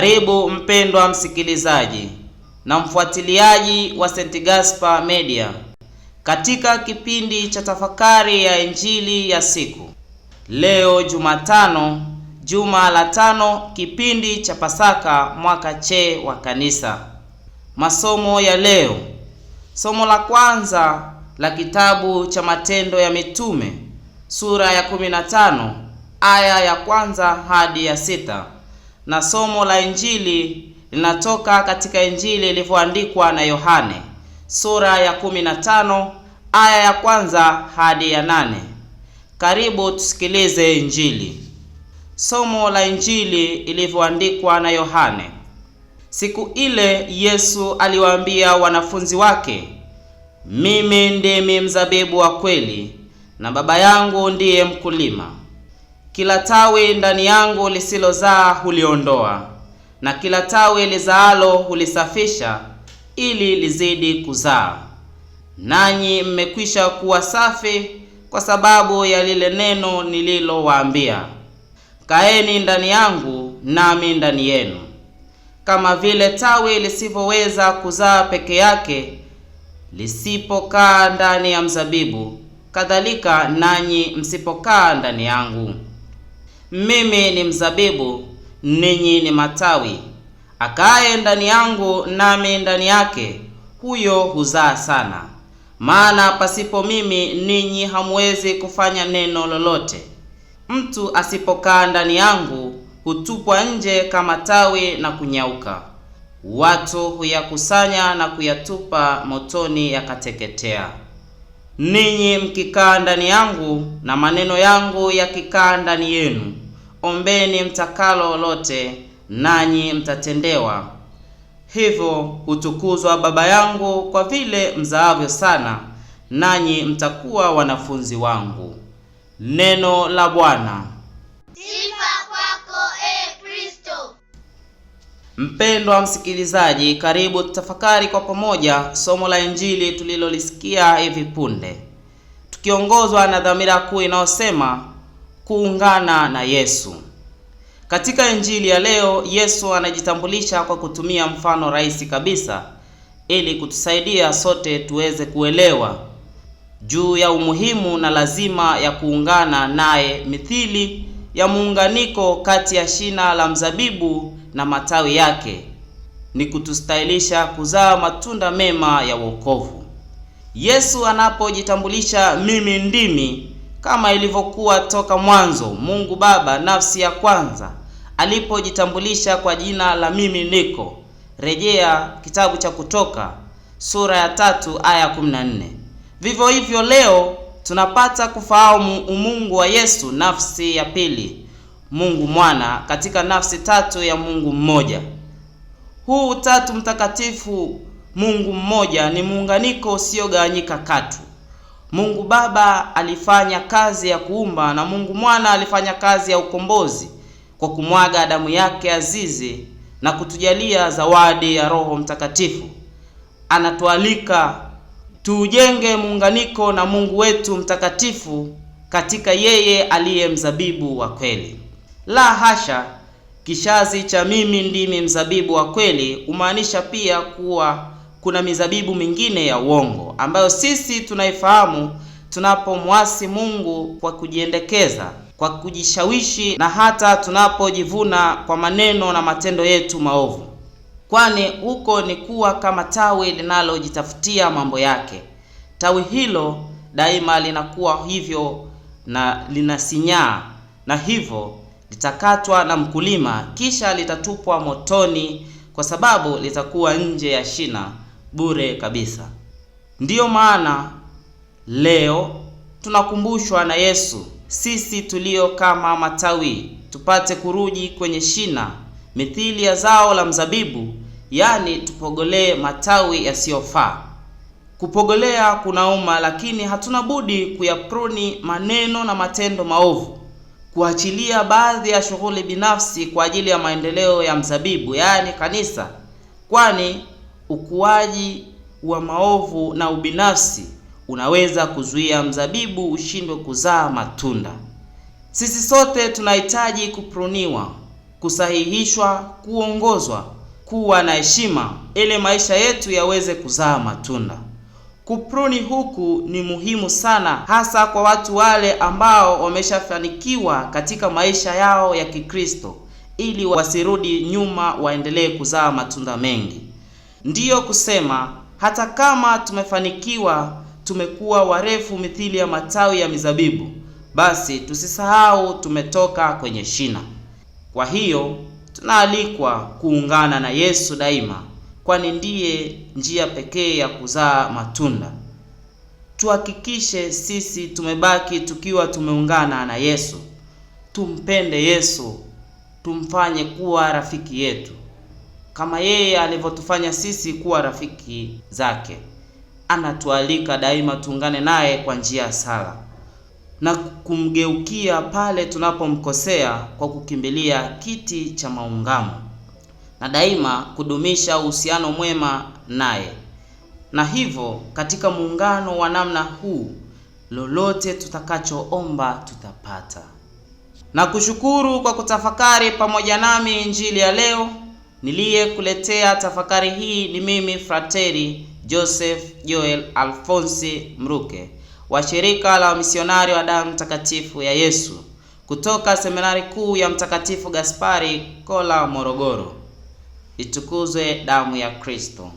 Karibu mpendwa msikilizaji na mfuatiliaji wa St. Gaspar Media katika kipindi cha tafakari ya injili ya siku leo, Jumatano, juma la tano, kipindi cha Pasaka mwaka che wa Kanisa. Masomo ya leo, somo la kwanza la kitabu cha Matendo ya Mitume sura ya 15 aya ya kwanza hadi ya sita na somo la Injili linatoka katika Injili ilivyoandikwa na Yohane sura ya 15 aya ya kwanza hadi ya nane. Karibu tusikilize Injili. Somo la Injili ilivyoandikwa na Yohane. Siku ile Yesu aliwaambia wanafunzi wake, mimi ndimi mzabibu wa kweli na Baba yangu ndiye mkulima. Kila tawi ndani yangu lisilozaa huliondoa, na kila tawi lizaalo hulisafisha, ili lizidi kuzaa. Nanyi mmekwisha kuwa safi kwa sababu ya lile neno nililowaambia. Kaeni ndani yangu, nami ndani yenu. Kama vile tawi lisivyoweza kuzaa peke yake lisipokaa ndani ya mzabibu, kadhalika nanyi msipokaa ndani yangu mimi ni mzabibu, ninyi ni matawi. Akaye ndani yangu nami ndani yake, huyo huzaa sana, maana pasipo mimi ninyi hamwezi kufanya neno lolote. Mtu asipokaa ndani yangu hutupwa nje kama tawi na kunyauka, watu huyakusanya na kuyatupa motoni yakateketea. Ninyi mkikaa ndani yangu na maneno yangu yakikaa ndani yenu ombeni mtakalo lolote, nanyi mtatendewa. Hivyo hutukuzwa Baba yangu kwa vile mzaavyo sana, nanyi mtakuwa wanafunzi wangu. Neno la Bwana. Sifa kwako e Kristo. Mpendwa msikilizaji, karibu tutafakari kwa pamoja somo la Injili tulilolisikia hivi punde, tukiongozwa na dhamira kuu inayosema kuungana na Yesu. Katika injili ya leo, Yesu anajitambulisha kwa kutumia mfano rahisi kabisa ili kutusaidia sote tuweze kuelewa juu ya umuhimu na lazima ya kuungana naye, mithili ya muunganiko kati ya shina la mzabibu na matawi yake ni kutustahilisha kuzaa matunda mema ya wokovu. Yesu anapojitambulisha mimi ndimi kama ilivyokuwa toka mwanzo, Mungu Baba nafsi ya kwanza alipojitambulisha kwa jina la mimi niko. Rejea kitabu cha Kutoka sura ya tatu aya 14. Vivyo hivyo leo tunapata kufahamu umungu wa Yesu, nafsi ya pili, Mungu Mwana katika nafsi tatu ya Mungu mmoja. Huu Utatu Mtakatifu Mungu mmoja ni muunganiko usiogawanyika katu. Mungu Baba alifanya kazi ya kuumba na Mungu Mwana alifanya kazi ya ukombozi kwa kumwaga damu yake azizi na kutujalia zawadi ya Roho Mtakatifu. Anatualika tuujenge muunganiko na Mungu wetu mtakatifu katika yeye aliye mzabibu wa kweli. La hasha, kishazi cha mimi ndimi mzabibu wa kweli humaanisha pia kuwa kuna mizabibu mingine ya uongo ambayo sisi tunaifahamu tunapomwasi Mungu kwa kujiendekeza, kwa kujishawishi na hata tunapojivuna kwa maneno na matendo yetu maovu, kwani huko ni kuwa kama tawi linalojitafutia mambo yake. Tawi hilo daima linakuwa hivyo na linasinyaa, na hivyo litakatwa na mkulima, kisha litatupwa motoni, kwa sababu litakuwa nje ya shina bure kabisa. Ndiyo maana leo tunakumbushwa na Yesu sisi tulio kama matawi tupate kurudi kwenye shina mithili ya zao la mzabibu, yaani tupogolee matawi yasiyofaa. Kupogolea kunauma, lakini hatuna budi kuyapruni maneno na matendo maovu, kuachilia baadhi ya shughuli binafsi kwa ajili ya maendeleo ya mzabibu, yaani kanisa, kwani ukuaji wa maovu na ubinafsi unaweza kuzuia mzabibu ushindwe kuzaa matunda. Sisi sote tunahitaji kupruniwa, kusahihishwa, kuongozwa, kuwa na heshima ili maisha yetu yaweze kuzaa matunda. Kupruni huku ni muhimu sana, hasa kwa watu wale ambao wameshafanikiwa katika maisha yao ya Kikristo, ili wasirudi nyuma, waendelee kuzaa matunda mengi ndiyo kusema hata kama tumefanikiwa, tumekuwa warefu mithili ya matawi ya mizabibu, basi tusisahau tumetoka kwenye shina. Kwa hiyo tunaalikwa kuungana na Yesu daima, kwani ndiye njia pekee ya kuzaa matunda. Tuhakikishe sisi tumebaki tukiwa tumeungana na Yesu. Tumpende Yesu, tumfanye kuwa rafiki yetu kama yeye alivyotufanya sisi kuwa rafiki zake. Anatualika daima tuungane naye kwa njia ya sala na kumgeukia pale tunapomkosea kwa kukimbilia kiti cha maungamo, na daima kudumisha uhusiano mwema naye. Na hivyo katika muungano wa namna huu, lolote tutakachoomba tutapata. Na kushukuru kwa kutafakari pamoja nami Injili ya leo. Niliyekuletea tafakari hii ni mimi Frateri Joseph Joel Alfonsi Mruke wa shirika la wamisionari wa damu mtakatifu ya Yesu kutoka seminari kuu ya Mtakatifu Gaspari Kola, Morogoro. Itukuzwe damu ya Kristo!